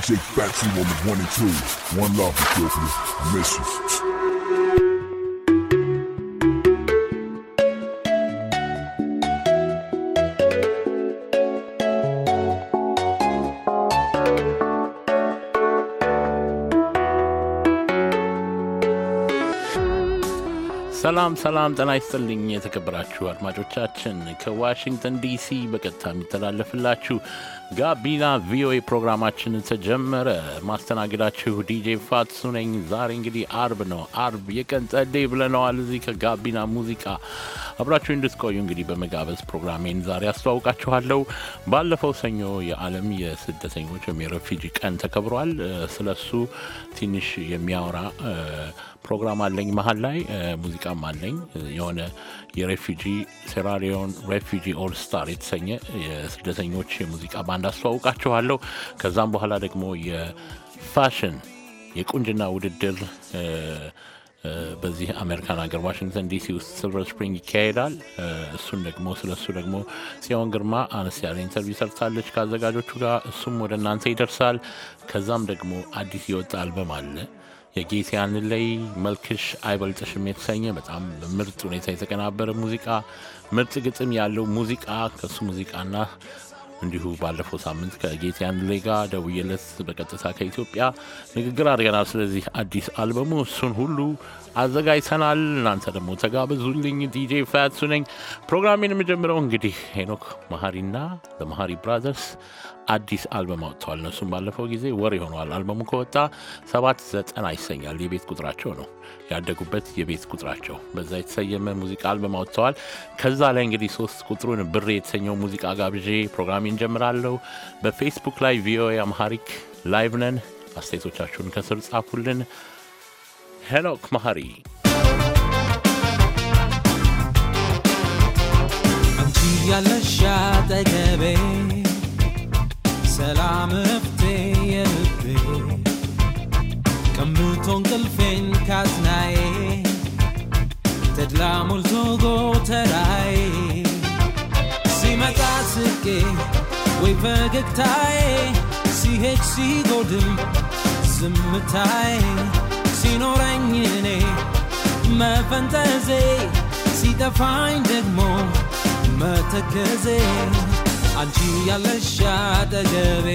TJ Fatu on the one and two. One love, Brooklyn. I miss you. ሰላም ሰላም፣ ጤና ይስጥልኝ የተከበራችሁ አድማጮቻችን ከዋሽንግተን ዲሲ በቀጥታ የሚተላለፍላችሁ ጋቢና ቪኦኤ ፕሮግራማችን ተጀመረ። ማስተናገዳችሁ ዲጄ ፋትሱ ነኝ። ዛሬ እንግዲህ አርብ ነው። አርብ የቀን ጸደይ ብለነዋል። እዚህ ከጋቢና ሙዚቃ አብራችሁ እንድትቆዩ እንግዲህ በመጋበዝ ፕሮግራሜን ዛሬ አስተዋውቃችኋለሁ። ባለፈው ሰኞ የዓለም የስደተኞች ወይም የሬፊጂ ቀን ተከብሯል። ስለሱ ትንሽ የሚያወራ ፕሮግራም አለኝ። መሀል ላይ ሙዚቃም አለኝ። የሆነ የሬፊጂ ሴራሊዮን ሬፊጂ ኦል ስታር የተሰኘ የስደተኞች የሙዚቃ ባንድ አስተዋውቃችኋለሁ። ከዛም በኋላ ደግሞ የፋሽን የቁንጅና ውድድር በዚህ አሜሪካን ሀገር ዋሽንግተን ዲሲ ውስጥ ሲልቨር ስፕሪንግ ይካሄዳል። እሱን ደግሞ ስለ እሱ ደግሞ ሲሆን ግርማ አነስ ያለ ኢንተርቪው ሰርታለች ከአዘጋጆቹ ጋር። እሱም ወደ እናንተ ይደርሳል። ከዛም ደግሞ አዲስ የወጣ አልበም አለ የጌታ ያንለይ መልክሽ አይበልጥሽም የተሰኘ በጣም ምርጥ ሁኔታ የተቀናበረ ሙዚቃ፣ ምርጥ ግጥም ያለው ሙዚቃ ከሱ ሙዚቃና እንዲሁ ባለፈው ሳምንት ከጌታ ያንለይ ጋር ደውዬለት በቀጥታ ከኢትዮጵያ ንግግር አድርገናል። ስለዚህ አዲስ አልበሙ እሱን ሁሉ አዘጋጅተናል። እናንተ ደግሞ ተጋበዙልኝ። ዲጄ ፋያሱ ነኝ። ፕሮግራሜን የምጀምረው እንግዲህ ሄኖክ መሀሪና ለመሀሪ ብራዘርስ አዲስ አልበም አውጥተዋል። እነሱም ባለፈው ጊዜ ወር ይሆነዋል አልበሙ ከወጣ። ሰባት ዘጠና ይሰኛል የቤት ቁጥራቸው ነው ያደጉበት የቤት ቁጥራቸው በዛ የተሰየመ ሙዚቃ አልበም አውጥተዋል። ከዛ ላይ እንግዲህ ሶስት ቁጥሩን ብሬ የተሰኘው ሙዚቃ ጋብዤ ፕሮግራም እንጀምራለሁ። በፌስቡክ ላይ ቪኦኤ አምሃሪክ ላይቭ ነን። አስተያየቶቻችሁን ከስር ጻፉልን። ሄኖክ መሐሪ ያለሻ ጠገቤ سلام بتي يلبي كمتون قلفين كازناي تدلا ملتوغو تراي سيمتا سكي ويفقكتاي سيهج سيغودم ዝምታይ ሲኖረኝ እኔ መፈንጠዜ ሲጠፋኝ ደግሞ መተከዜ አንቺ ያለሻ አጠገቤ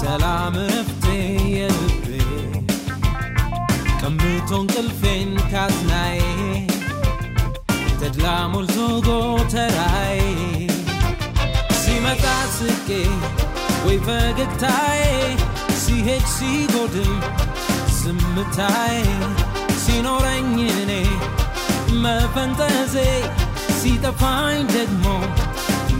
ሰላም እፍቴ የልቤ ቀምቶ እንቅልፌን ካዝናዬ ተድላ ሞልቶ ጎተራዬ ሲመጣ ስቄ ወይ ፈገግታዬ ሲሄድ ሲጎድል ዝምታዬ ሲኖረኝ እኔ መፈንጠዜ ሲጠፋኝ ደግሞ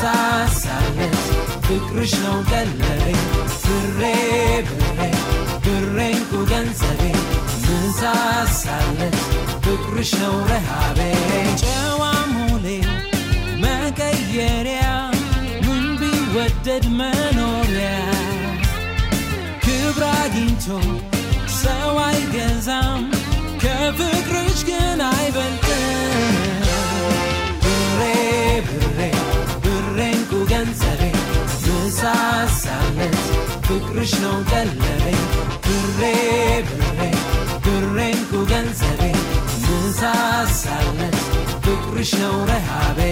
ሳሳለት ፍቅርሽ ነው ቀለቤ ብሬ ብሬ ብሬንኩ ገንዘቤ ምሳሳለት ፍቅርሽ ነው ረሃቤ ጨዋሙሌ መቀየሪያ ምን ቢወደድ መኖሪያ ክብር አግኝቶ ሰው አይገዛም ከፍቅርሽ ግን አይበልጥም കൃഷ്ണോ കല്ലറേ ദുർരേ ബുർരേ ദുർരേൻ കുഗൻ സരേ മൂസാ സല്ലസ് ദുകൃഷ്ണോ റഹാബേ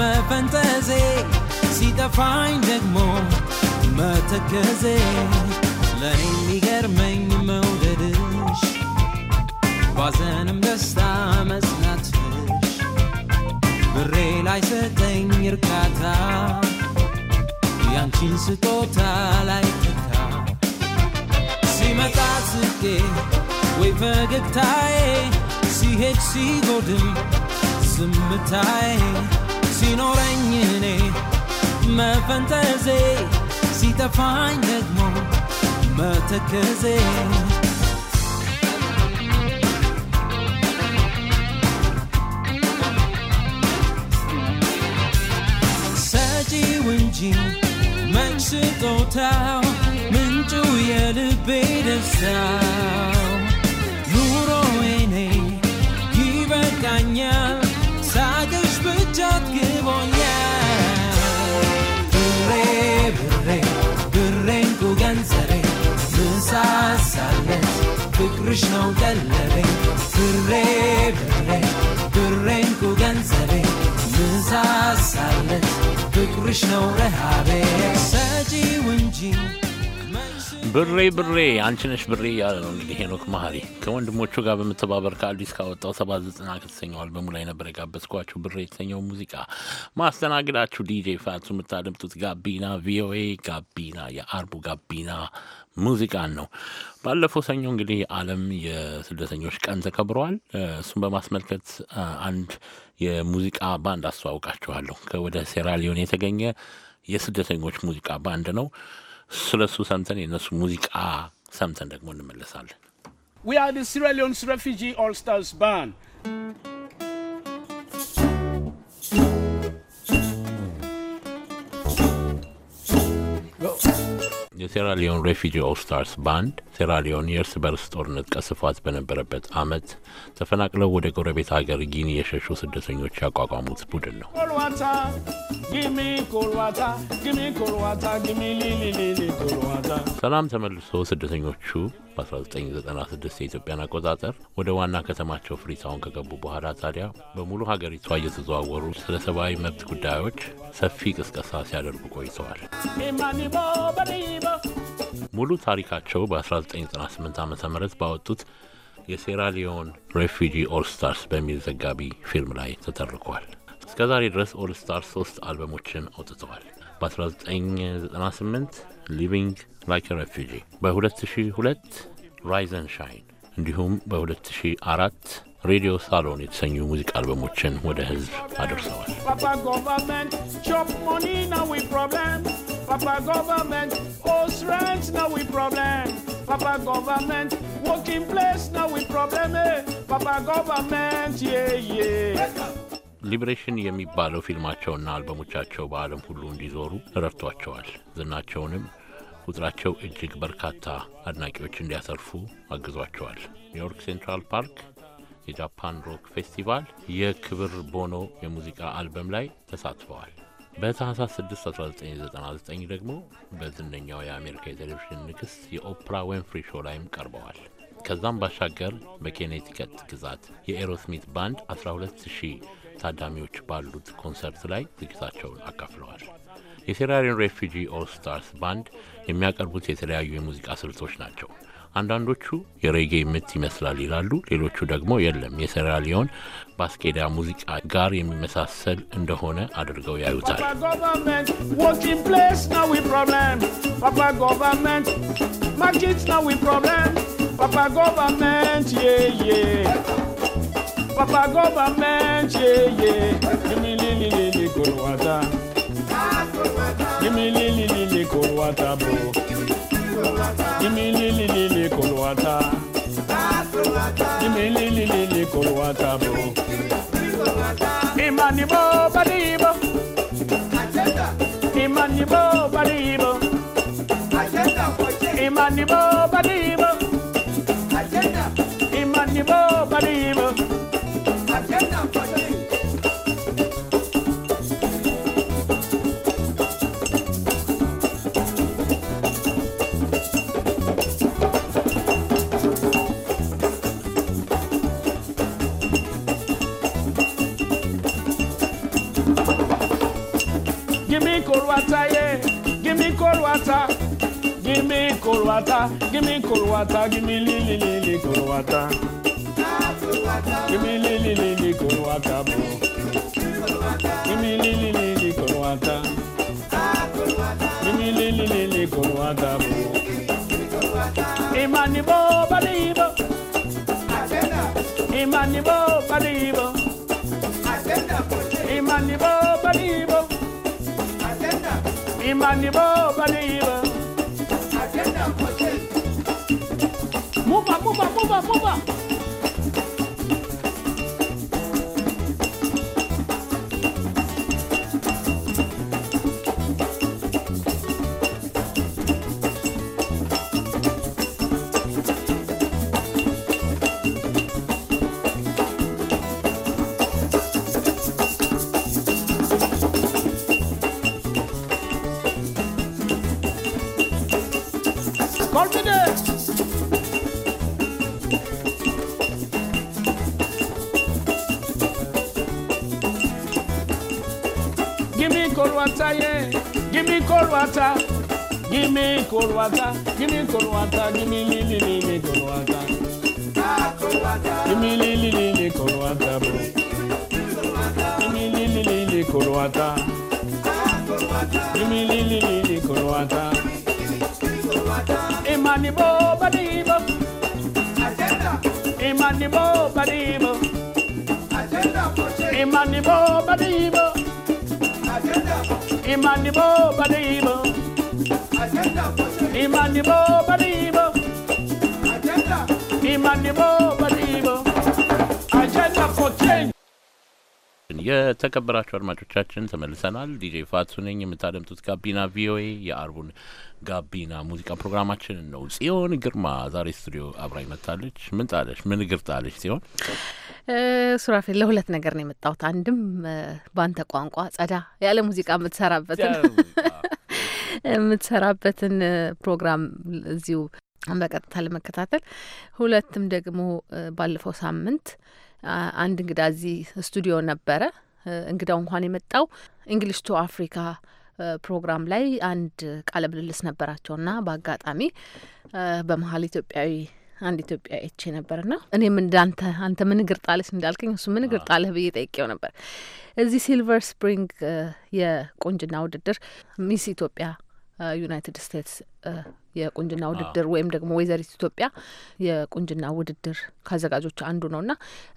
መፈንጠዜ ሲጠፋኝ ደግሞ መተከዜ ለእኔ የሚገርመኝ መውደድሽ ባዘንም ደስታ መጽናትሽ ብሬ ላይ ሰጠኝ እርካታ ያንቺን ስጦታ ላይ ትካ ሲመጣ ስቄ ወይ ፈገግታዬ ሲሄድ ሲጎድም ስምታዬ sino regnene me fantasy si ta find it mo me ta kaze Sagi wenji mexico town min tu be the ፍቅርሽ ነው ቀለበኝ ብሬ ብሬን ኩገንዘቤ ምንሳሳለት ፍቅርሽ ረሃቤ ሰጂው እንጂ ብሬ ብሬ አንችነሽ ብሬ እያለ ነው እንግዲህ ሄኖክ መሀሪ ከወንድሞቹ ጋር በመተባበር ከአዲስ ካወጣው ሰባ ዘጠና ከተሰኘው አልበሙ ላይ ነበር የጋበዝኳችሁ ብሬ የተሰኘው ሙዚቃ። ማስተናግዳችሁ ዲጄ ፋቱ፣ የምታደምጡት ጋቢና ቪኦኤ ጋቢና የአርቡ ጋቢና ሙዚቃን ነው። ባለፈው ሰኞ እንግዲህ የዓለም የስደተኞች ቀን ተከብረዋል። እሱን በማስመልከት አንድ የሙዚቃ ባንድ አስተዋውቃችኋለሁ። ከወደ ሴራሊዮን የተገኘ የስደተኞች ሙዚቃ ባንድ ነው። ስለሱ ሰምተን የእነሱ ሙዚቃ ሰምተን ደግሞ እንመለሳለን። We are the Sierra Leone's refugee all-stars band. የሴራሊዮን ሬፊጂ ኦፍ ስታርስ ባንድ ሴራሊዮን የእርስ በርስ ጦርነት ቀስፋት በነበረበት አመት ተፈናቅለው ወደ ጎረቤት ሀገር ጊኒ የሸሹ ስደተኞች ያቋቋሙት ቡድን ነው። ሰላም ተመልሶ ስደተኞቹ በ1996 የኢትዮጵያን አቆጣጠር ወደ ዋና ከተማቸው ፍሪታውን ከገቡ በኋላ ታዲያ በሙሉ ሀገሪቷ እየተዘዋወሩ ስለ ሰብአዊ መብት ጉዳዮች ሰፊ ቅስቀሳ ሲያደርጉ ቆይተዋል። ሙሉ ታሪካቸው በ1998 ዓ ም ባወጡት የሴራሊዮን ሬፊጂ ኦልስታርስ በሚል ዘጋቢ ፊልም ላይ ተተርኳል። እስከ ዛሬ ድረስ ኦልስታርስ ሶስት አልበሞችን አውጥተዋል። በ1998 ሊቪንግ ላይክ ሬፊጂ፣ በ2002 ራይዘን ሻይን እንዲሁም በ2004 ሬዲዮ ሳሎን የተሰኙ ሙዚቃ አልበሞችን ወደ ህዝብ አደርሰዋል። Papa government, house oh, rent now we problem. Papa government, working place now we problem. Eh? Papa government, yeah, yeah. ሊብሬሽን የሚባለው ፊልማቸውና አልበሞቻቸው በዓለም ሁሉ እንዲዞሩ ረድቷቸዋል። ዝናቸውንም ቁጥራቸው እጅግ በርካታ አድናቂዎች እንዲያተርፉ አግዟቸዋል። ኒውዮርክ ሴንትራል ፓርክ የጃፓን ሮክ ፌስቲቫል የክብር ቦኖ የሙዚቃ አልበም ላይ ተሳትፈዋል። በታህሳስ 6 1999 ደግሞ በዝነኛው የአሜሪካ የቴሌቪዥን ንግሥት የኦፕራ ዊንፍሪ ሾው ላይም ቀርበዋል። ከዛም ባሻገር በኬኔቲከት ግዛት የኤሮስሚት ባንድ 12000 ታዳሚዎች ባሉት ኮንሰርት ላይ ዝግጅታቸውን አካፍለዋል። የሴራሊዮን ሬፊጂ ኦል ስታርስ ባንድ የሚያቀርቡት የተለያዩ የሙዚቃ ስልቶች ናቸው። አንዳንዶቹ የሬጌ ምት ይመስላል ይላሉ፣ ሌሎቹ ደግሞ የለም የሴራሊዮን ባስኬዳ ሙዚቃ ጋር የሚመሳሰል እንደሆነ አድርገው ያዩታል። Give me Imililili kolwata. Imililili kolwata bo. Imani bo badibo. Imani bo badibo. Imani bo badibo. give me cold water, give me lili lily cold water. Give me lili lily cold water, bro. Give me lili lily cold water. Give me lili lily cold water, bro. bo, balibo. bo, balibo. Imanibo balibo. Imanibo balibo. 泡沫 Kolwata, give me cold water, give me Lili Lili water. Give me Lili Lili water, bro. Give me Lili Lili water. Give me Lili Lili Imani bo Badibo. Imani bo Badibo. Imani bo Badibo. Imani bo Badibo. የተከበራችሁ አድማጮቻችን ተመልሰናል። ዲጄ ፋቱ ነኝ። የምታደምጡት ጋቢና ቪኦኤ የአርቡን ጋቢና ሙዚቃ ፕሮግራማችን ነው። ጽዮን ግርማ ዛሬ ስቱዲዮ አብራኝ መታለች። ምን ጣለች? ምን እግር ጣለች? ጽዮን ሱራፌ፣ ለሁለት ነገር ነው የመጣሁት። አንድም በአንተ ቋንቋ ጸዳ ያለ ሙዚቃ የምትሰራበትን የምትሰራበትን ፕሮግራም እዚሁ በቀጥታ ለመከታተል ሁለትም ደግሞ ባለፈው ሳምንት አንድ እንግዳ እዚህ ስቱዲዮ ነበረ። እንግዳው እንኳን የመጣው እንግሊሽ ቱ አፍሪካ ፕሮግራም ላይ አንድ ቃለ ምልልስ ነበራቸውና በአጋጣሚ በመሀል ኢትዮጵያዊ አንድ ኢትዮጵያ ነበር ና እኔም እንዳንተ አንተ ምን እግር ጣለች እንዳልከኝ እሱ ምን እግር ጣልህ ብዬ ጠይቄው ነበር። እዚህ ሲልቨር ስፕሪንግ የቁንጅና ውድድር ሚስ ኢትዮጵያ ዩናይትድ ስቴትስ የቁንጅና ውድድር ወይም ደግሞ ወይዘሪት ኢትዮጵያ የቁንጅና ውድድር ከአዘጋጆች አንዱ ነው እና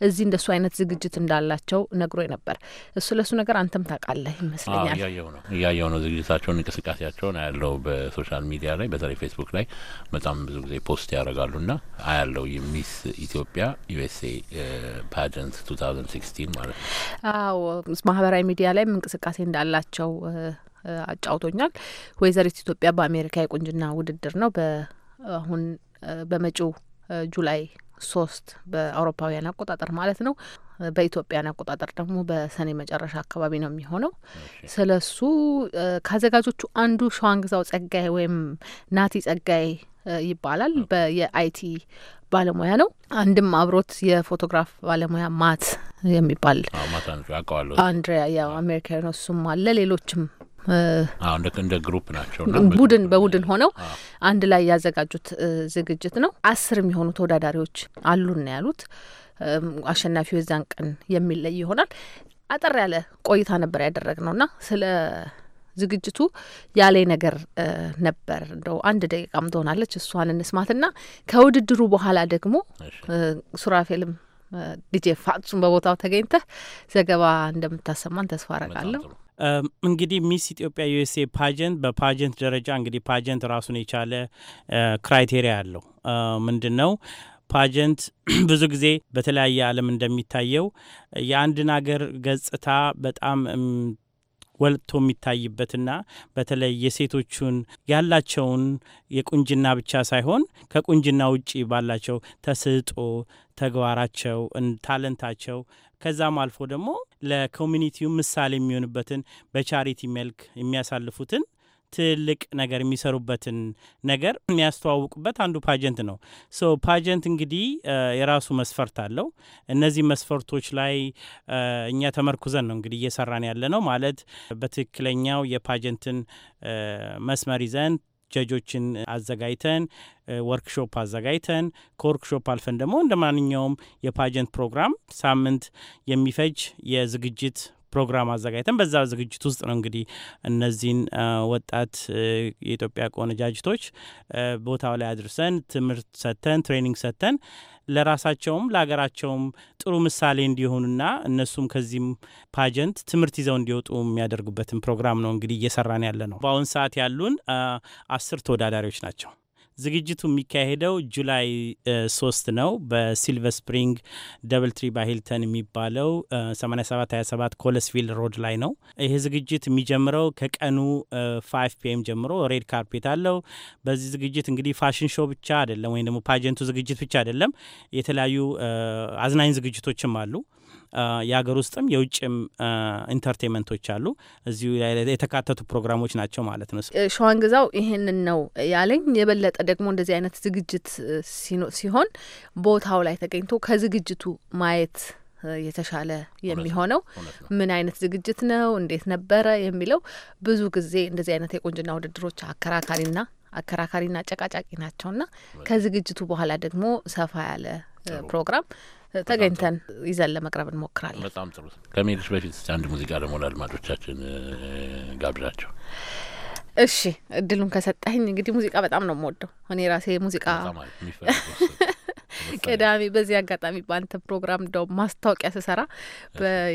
እዚህ እንደሱ አይነት ዝግጅት እንዳላቸው ነግሮ ነበር። እሱ ለእሱ ነገር አንተም ታውቃለህ ይመስለኛል። እያየው ነው እያየው ነው ዝግጅታቸውን፣ እንቅስቃሴያቸውን አያለው በሶሻል ሚዲያ ላይ በተለይ ፌስቡክ ላይ በጣም ብዙ ጊዜ ፖስት ያደርጋሉ ና አያለው የሚስ ኢትዮጵያ ዩኤስኤ ፓጀንት 2016 ማለት ነው። አዎ ማህበራዊ ሚዲያ ላይም እንቅስቃሴ እንዳላቸው አጫውቶኛል። ወይዘሪት ኢትዮጵያ በአሜሪካ የቁንጅና ውድድር ነው በአሁን በመጪው ጁላይ ሶስት በአውሮፓውያን አቆጣጠር ማለት ነው። በኢትዮጵያን አቆጣጠር ደግሞ በሰኔ መጨረሻ አካባቢ ነው የሚሆነው። ስለ እሱ ከአዘጋጆቹ አንዱ ሸዋንግዛው ጸጋይ ወይም ናቲ ጸጋይ ይባላል። የአይቲ ባለሙያ ነው። አንድም አብሮት የፎቶግራፍ ባለሙያ ማት የሚባል አንድሪያ ያው አሜሪካ ነው። እሱም አለ ሌሎችም እንደ ግሩፕ ናቸው ቡድን በቡድን ሆነው አንድ ላይ ያዘጋጁት ዝግጅት ነው። አስር የሚሆኑ ተወዳዳሪዎች አሉን ያሉት አሸናፊው የዛን ቀን የሚለይ ይሆናል። አጠር ያለ ቆይታ ነበር ያደረግነው እና ስለ ዝግጅቱ ያሌ ነገር ነበር። እንደው አንድ ደቂቃም ትሆናለች፣ እሷን እንስማትና ከውድድሩ በኋላ ደግሞ ሱራፌልም ዲጄ ፋጹም በቦታው ተገኝተህ ዘገባ እንደምታሰማን ተስፋ አረጋለሁ። እንግዲህ ሚስ ኢትዮጵያ ዩኤስኤ ፓጀንት በፓጀንት ደረጃ እንግዲህ ፓጀንት ራሱን የቻለ ክራይቴሪያ አለው። ምንድን ነው ፓጀንት? ብዙ ጊዜ በተለያየ ዓለም እንደሚታየው የአንድን ሀገር ገጽታ በጣም ወልቶ የሚታይበትና በተለይ የሴቶቹን ያላቸውን የቁንጅና ብቻ ሳይሆን ከቁንጅና ውጪ ባላቸው ተስጦ ተግባራቸው፣ ታለንታቸው ከዛም አልፎ ደግሞ ለኮሚኒቲው ምሳሌ የሚሆንበትን በቻሪቲ መልክ የሚያሳልፉትን ትልቅ ነገር የሚሰሩበትን ነገር የሚያስተዋውቁበት አንዱ ፓጀንት ነው። ሶ ፓጀንት እንግዲህ የራሱ መስፈርት አለው። እነዚህ መስፈርቶች ላይ እኛ ተመርኩዘን ነው እንግዲህ እየሰራን ያለ ነው ማለት በትክክለኛው የፓጀንትን መስመር ይዘን ጀጆችን አዘጋጅተን ወርክሾፕ አዘጋጅተን ከወርክሾፕ አልፈን ደግሞ እንደ ማንኛውም የፓጀንት ፕሮግራም ሳምንት የሚፈጅ የዝግጅት ፕሮግራም አዘጋጅተን በዛ ዝግጅት ውስጥ ነው እንግዲህ እነዚህን ወጣት የኢትዮጵያ ቆነጃጅቶች ቦታው ላይ አድርሰን ትምህርት ሰጥተን ትሬኒንግ ሰጥተን ለራሳቸውም ለሀገራቸውም ጥሩ ምሳሌ እንዲሆኑና እነሱም ከዚህም ፓጀንት ትምህርት ይዘው እንዲወጡ የሚያደርጉበትን ፕሮግራም ነው እንግዲህ እየሰራን ያለ ነው። በአሁን ሰዓት ያሉን አስር ተወዳዳሪዎች ናቸው። ዝግጅቱ የሚካሄደው ጁላይ ሶስት ነው በሲልቨር ስፕሪንግ ደብል ትሪ ባሂልተን የሚባለው 8727 ኮለስቪል ሮድ ላይ ነው። ይህ ዝግጅት የሚጀምረው ከቀኑ 5 ፒኤም ጀምሮ ሬድ ካርፔት አለው። በዚህ ዝግጅት እንግዲህ ፋሽን ሾው ብቻ አይደለም ወይም ደግሞ ፓጀንቱ ዝግጅት ብቻ አይደለም፣ የተለያዩ አዝናኝ ዝግጅቶችም አሉ። የሀገር ውስጥም የውጭም ኢንተርቴንመንቶች አሉ እዚሁ የተካተቱ ፕሮግራሞች ናቸው ማለት ነው። ሸዋን ግዛው ይህንን ነው ያለኝ። የበለጠ ደግሞ እንደዚህ አይነት ዝግጅት ሲሆን ቦታው ላይ ተገኝቶ ከዝግጅቱ ማየት የተሻለ የሚሆነው ምን አይነት ዝግጅት ነው፣ እንዴት ነበረ የሚለው ብዙ ጊዜ እንደዚህ አይነት የቁንጅና ውድድሮች አከራካሪና አከራካሪና ጨቃጫቂ ናቸውና ከዝግጅቱ በኋላ ደግሞ ሰፋ ያለ ፕሮግራም ተገኝተን ይዘን ለመቅረብ እንሞክራለን። በጣም ጥሩ። ከመሄድሽ በፊት አንድ ሙዚቃ ደግሞ ለአድማጮቻችን ጋብዣቸው። እሺ እድሉን ከሰጠኝ እንግዲህ ሙዚቃ በጣም ነው የምወደው እኔ ራሴ ሙዚቃ ቅዳሜ በዚህ አጋጣሚ በአንተ ፕሮግራም እንደው ማስታወቂያ ስሰራ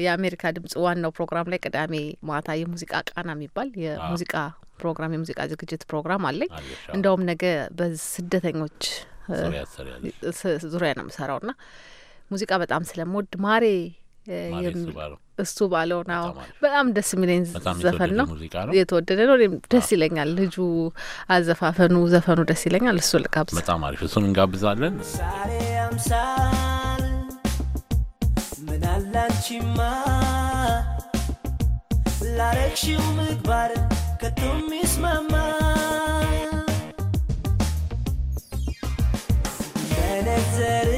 የአሜሪካ ድምጽ ዋናው ፕሮግራም ላይ ቅዳሜ ማታ የሙዚቃ ቃና የሚባል የሙዚቃ ፕሮግራም የሙዚቃ ዝግጅት ፕሮግራም አለኝ። እንደውም ነገ በስደተኞች ዙሪያ ነው የምሰራው ና ሙዚቃ በጣም ስለምወድ ማሬ እሱ ባለው ነው በጣም ደስ የሚለኝ ዘፈን ነው፣ የተወደደ ነው። እኔም ደስ ይለኛል፣ ልጁ አዘፋፈኑ፣ ዘፈኑ ደስ ይለኛል። እሱ ልጋብዝ። በጣም አሪፍ፣ እሱን እንጋብዛለን። ሳሬ ላረግሽው ምግባር ከቶም ይስማማ በነዘር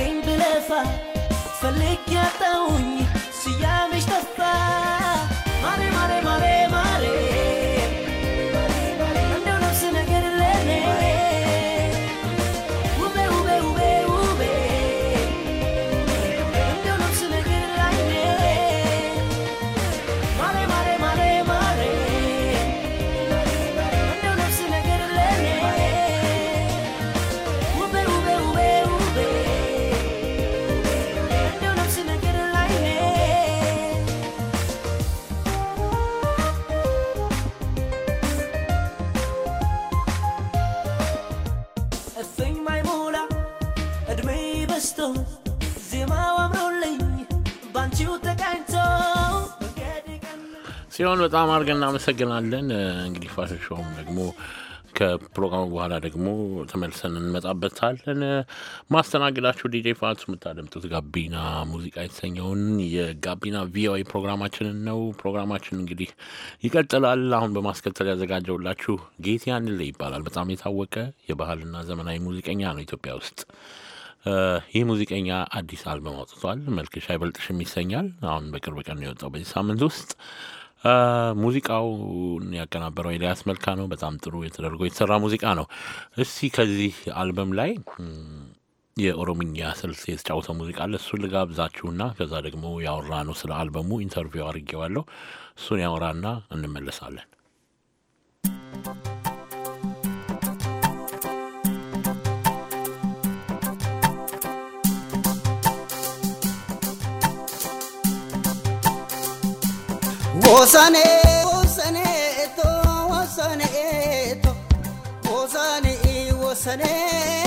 ninguém me leva. que ia até ሲሆን በጣም አድርገን እናመሰግናለን። እንግዲህ ፋሽን ሾውም ደግሞ ከፕሮግራሙ በኋላ ደግሞ ተመልሰን እንመጣበታለን። ማስተናግዳችሁ ዲጄ ፋቱ፣ የምታደምጡት ጋቢና ሙዚቃ የተሰኘውን የጋቢና ቪኦኤ ፕሮግራማችንን ነው። ፕሮግራማችን እንግዲህ ይቀጥላል። አሁን በማስከተል ያዘጋጀውላችሁ ጌቴ አንለ ይባላል። በጣም የታወቀ የባህልና ዘመናዊ ሙዚቀኛ ነው ኢትዮጵያ ውስጥ። ይህ ሙዚቀኛ አዲስ አልበም አውጥቷል። መልክሽ አይበልጥሽም ይሰኛል። አሁን በቅርብ ቀን የወጣው በዚህ ሳምንት ውስጥ ሙዚቃውን ያቀናበረው ኤልያስ መልካ ነው። በጣም ጥሩ የተደርጎ የተሰራ ሙዚቃ ነው። እስቲ ከዚህ አልበም ላይ የኦሮምኛ ስልት የተጫወተው ሙዚቃ አለ። እሱን ልጋብዛችሁና ከዛ ደግሞ ያወራ ነው ስለ አልበሙ ኢንተርቪው አድርጌዋለሁ። እሱን ያወራና እንመለሳለን። Hoosane hoosane eto hoosane eto hoosane hoosane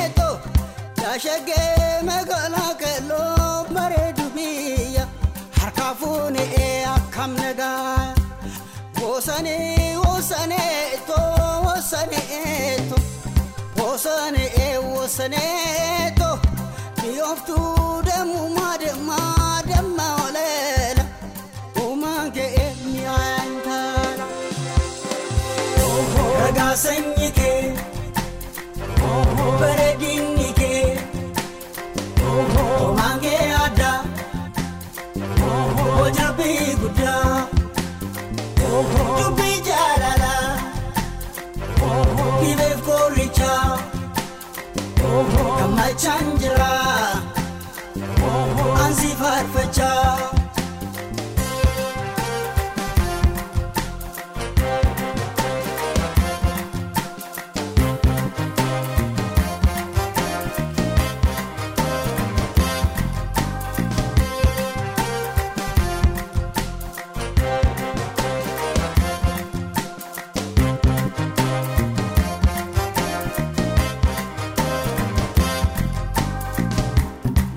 eto daashagee magaalaa kelloo bareedu biyya harkaa fuune e, akkam nagaa. Hoosane hoosane eto hoosane eto ee hoosane e, eto mi'ooftuu deemuu maade. sing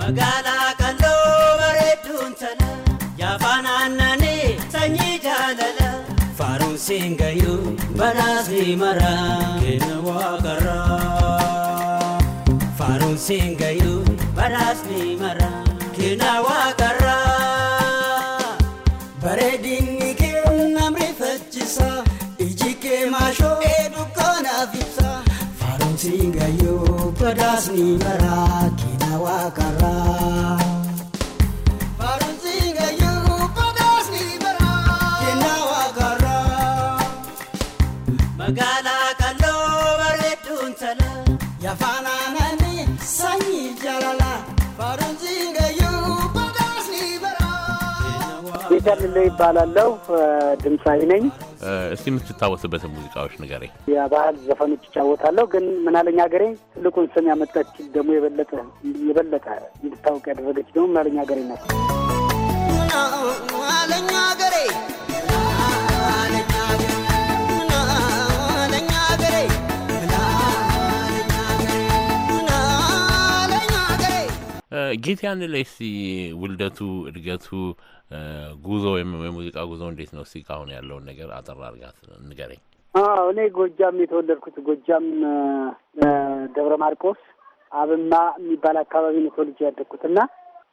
magaalaa kalloo bareedduun tana yaafaan aannanii sanyii jaalala faaruusiin gayyuu balaasni mara kenna waaqarraa faaruusiin gayyuu balaasni mara kenna waaqarraa bareedinni kee namni fachisaa iji kee maashoo dukkaanaaf ibsa faaruusiin gayyuu. Sodaasni bara keenaa waaqarraa. ዳልለው ይባላለሁ። ድምፃዊ ነኝ። እስቲ የምትታወስበትን ሙዚቃዎች ንገረኝ። የባህል ዘፈኖች ይጫወታለሁ። ግን ምናለኝ ሀገሬ ትልቁን ስም ያመጣች ደግሞ የበለጠ የበለጠ እንድታወቅ ያደረገች ደግሞ ምናለኝ ሀገሬ ናት። ምናለኝ ሀገሬ ጌታያን ላይ እስቲ ውልደቱ፣ እድገቱ ጉዞ ወይም የሙዚቃ ጉዞ እንዴት ነው? እስኪ አሁን ያለውን ነገር አጠራ አድርጋት ንገረኝ። አዎ እኔ ጎጃም የተወለድኩት ጎጃም ደብረ ማርቆስ አብማ የሚባል አካባቢ ነው ተወልጄ ያደግኩት እና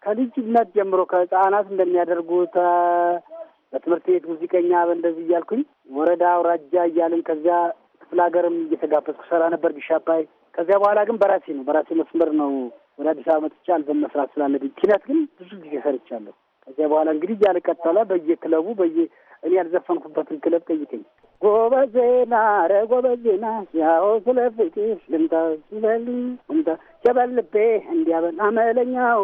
ከልጅነት ጀምሮ ከህፃናት እንደሚያደርጉት በትምህርት ቤት ሙዚቀኛ በእንደዚህ እያልኩኝ ወረዳ አውራጃ እያልን ከዚያ ክፍለ ሀገርም እየተጋበዝኩ ሰራ ነበር ቢሻባይ። ከዚያ በኋላ ግን በራሴ ነው በራሴ መስመር ነው ወደ አዲስ አበባ መጥቻ አልበም መስራት ስላለብኝ ኪነት ግን ብዙ ጊዜ ሰርቻለሁ። ከዚያ በኋላ እንግዲህ እያለ ቀጠለ። በየክለቡ በየ እኔ ያልዘፈንኩበትን ክለብ ጠይቀኝ። ጎበዜና ኧረ ጎበዜና ያው ስለ ፍቅሽ ልምጣ ሲበል ልምጣ ሸበልቤ እንዲያበል አመለኛው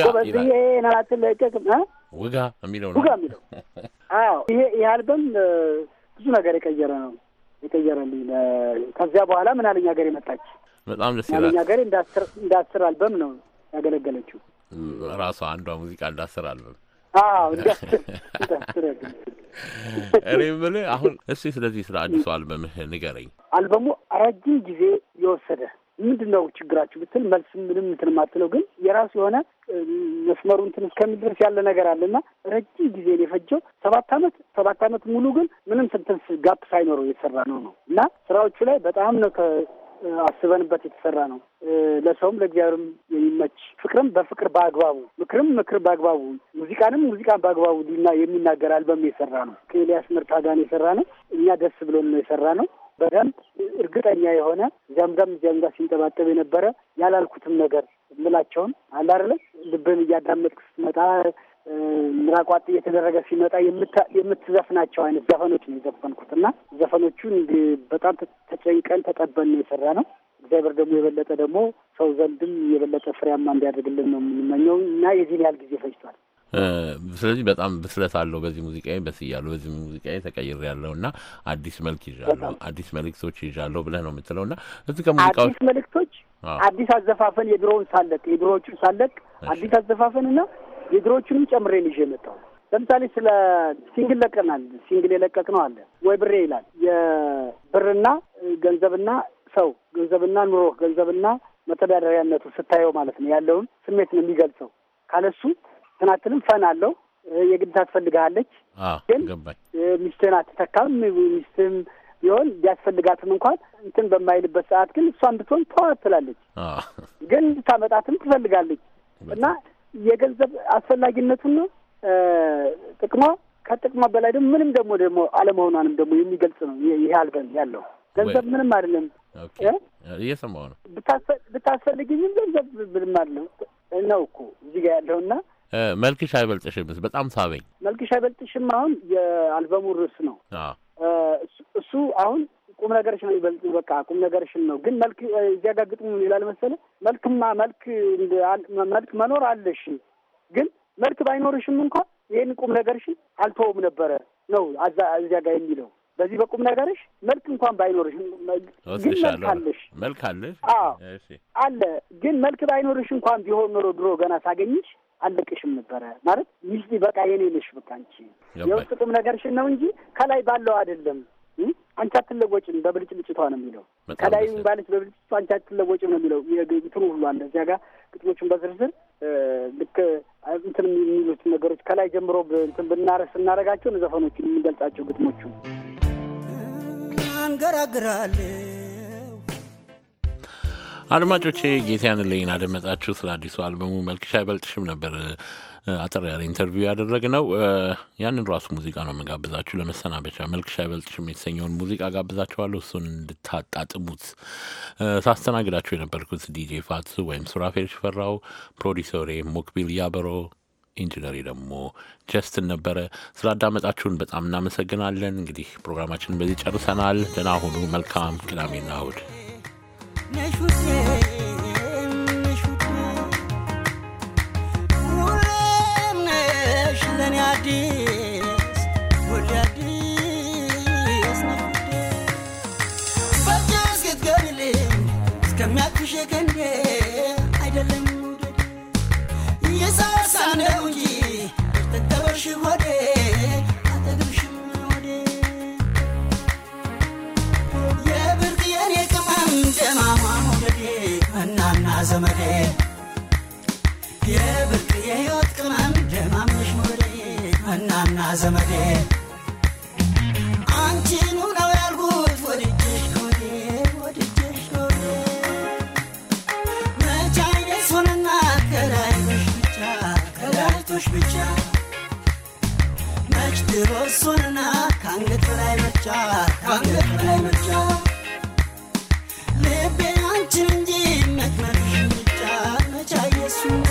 ጎበዝዬን አትለቀቅም ውጋ የሚለው ነው። ውጋ የሚለው አዎ። ይሄ ይህ አልበም ብዙ ነገር የቀየረ ነው የቀየረልኝ። ከዚያ በኋላ ምናለኝ ሀገር የመጣች በጣም ደስ ይላል። ሀገር እንደ አስር አልበም ነው ያገለገለችው። ራሷ አንዷ ሙዚቃ እንዳስር አልበም እኔ የምልህ አሁን እስኪ ስለዚህ ስለ አዲሱ አልበምህ ንገረኝ። አልበሙ ረጅም ጊዜ የወሰደ ምንድን ነው ችግራችሁ ብትል መልስ ምንም እንትን የማትለው ግን የራሱ የሆነ መስመሩ እንትን እስከሚል ያለ ነገር አለና ረጅም ጊዜ የፈጀው ሰባት አመት ሰባት አመት ሙሉ ግን ምንም ስንትን ጋፕ ሳይኖረው የተሰራ ነው ነው እና ስራዎቹ ላይ በጣም ነው አስበንበት የተሰራ ነው። ለሰውም ለእግዚአብሔርም የሚመች ፍቅርም በፍቅር በአግባቡ ምክርም ምክር በአግባቡ ሙዚቃንም ሙዚቃን በአግባቡ የሚናገር አልበም የሰራ ነው። ከኤልያስ ምርታ ጋር የሰራ ነው። እኛ ደስ ብሎን ነው የሰራ ነው። በደንብ እርግጠኛ የሆነ እዚያም ጋም ሲንጠባጠብ የነበረ ያላልኩትም ነገር ምላቸውን አላርለ ልብን እያዳመጥክ ስትመጣ ምራቋጥ እየተደረገ ሲመጣ የምትዘፍናቸው አይነት ዘፈኖች ነው የዘፈንኩት እና ዘፈኖቹን በጣም ተጨንቀን ተጠበን ነው የሰራ ነው። እግዚአብሔር ደግሞ የበለጠ ደግሞ ሰው ዘንድም የበለጠ ፍሬያማ እንዲያደርግልን ነው የምንመኘው እና የዚህን ያህል ጊዜ ፈጅቷል። ስለዚህ በጣም ብስለት አለው። በዚህ ሙዚቃ በስያለሁ፣ በዚህ ሙዚቃ ተቀይር ያለው እና አዲስ መልክ ይዣለሁ፣ አዲስ መልእክቶች ይዣለሁ ብለህ ነው የምትለው እና እዚ ከሙዚቃዎች አዲስ መልእክቶች፣ አዲስ አዘፋፈን፣ የድሮውን ሳለቅ፣ የድሮዎቹን ሳለቅ፣ አዲስ አዘፋፈን እና የእግሮቹንም ጨምሬ ይዤ የመጣው ለምሳሌ ስለ ሲንግል ለቀናል። ሲንግል የለቀቅ ነው አለ ወይ ብሬ ይላል። የብርና ገንዘብና ሰው ገንዘብና ኑሮ ገንዘብና መተዳደሪያነቱ ስታየው ማለት ነው ያለውን ስሜት ነው የሚገልጸው። ካለሱ ትናትንም ፈን አለው። የግድ ታስፈልግሃለች፣ ግን ሚስትህን አትተካም። ሚስትህም ቢሆን ቢያስፈልጋትም እንኳን እንትን በማይልበት ሰዓት ግን እሷ እንድትሆን ተዋት ትላለች፣ ግን ታመጣትም ትፈልጋለች እና የገንዘብ አስፈላጊነቱና ጥቅሟ ከጥቅሟ በላይ ደግሞ ምንም ደግሞ ደግሞ አለመሆኗንም ደግሞ የሚገልጽ ነው። ይህ አልበም ያለው ገንዘብ ምንም አይደለም። እየሰማሁ ነው። ብታስፈልግኝም ገንዘብ ምንም አይደለም ነው እኮ እዚህ ጋ ያለውና መልክሽ አይበልጥሽምስ በጣም ሳበኝ። መልክሽ አይበልጥሽም አሁን የአልበሙ ርዕስ ነው እሱ። አሁን ቁም ነገርሽ ነው ይበልጥ በቃ ቁም ነገርሽን ነው። ግን መልክ እዚያ ጋር ግጥሙ ይላል መሰለ መልክማ መልክ መልክ መኖር አለሽ፣ ግን መልክ ባይኖርሽም እንኳ ይህን ቁም ነገርሽን አልተወውም ነበረ ነው እዚያ ጋር የሚለው በዚህ በቁም ነገርሽ መልክ እንኳን ባይኖርሽ ግን መልክ አለሽ፣ መልክ አለሽ። አለ። ግን መልክ ባይኖርሽ እንኳን ቢሆን ኖሮ ድሮ ገና ሳገኝሽ አለቅሽም ነበረ ማለት ሚስ በቃ የኔ ነሽ በቃ አንቺ የውስጥ ቁም ነገርሽን ነው እንጂ ከላይ ባለው አይደለም አንቺ አትለወጭም በብልጭልጭቷ ነው የሚለው። ከላይ ባለች በብልጭቷ አንቺ አትለወጭም ነው የሚለው። የግጥሩ ሁሉ አለ እዚያ ጋር ግጥሞቹን በዝርዝር ልክ እንትን የሚሉት ነገሮች ከላይ ጀምሮ እንትን ብናረስ ስናረጋቸውን ዘፈኖቹን የሚገልጻቸው ግጥሞቹ አንገራግራለሁ። አድማጮቼ ጌታያን ለይን አደመጣችሁ። ስለ አዲሱ አልበሙ መልክሻ አይበልጥሽም ነበር አጠር ያለ ኢንተርቪው ያደረግ ነው ያንን ራሱ ሙዚቃ ነው የምጋብዛችሁ። ለመሰናበቻ መልክሽ አይበልጥሽም የተሰኘውን ሙዚቃ ጋብዛችኋለሁ። እሱን እንድታጣጥሙት ሳስተናግዳችሁ የነበርኩት ዲጄ ፋትሱ ወይም ሱራፌል ሽፈራው፣ ፕሮዲሰሬ ሞክቢል ያበሮ ኢንጂነሪ ደግሞ ጀስትን ነበረ። ስላዳመጣችሁን በጣም እናመሰግናለን። እንግዲህ ፕሮግራማችንን በዚህ ጨርሰናል። ደህና ሁኑ። መልካም ቅዳሜና እሁድ አዲስ ወደ አዲስ ነፍዴ በቃ እስክትገብልኝ አይደለም ውደድ እየሳሳ ነው እንጂ ተተበሽ ወዴ አጠገብሽም እናና ዘመዴ አንቺኑ ነው ያልኩት ወድጅሽ ሆዴ ወድጅሽ ሆዴ መቻ አይነት ሆነና ከላይቶሽ ብቻ ከላይቶሽ ብቻ መች ድሮስ ሆነና ከአንገት በላይ ብቻ ከአንገት በላይ ብቻ ልቤ አንቺን እንጂ መትመርሽ ብቻ መቻ ኢየሱስ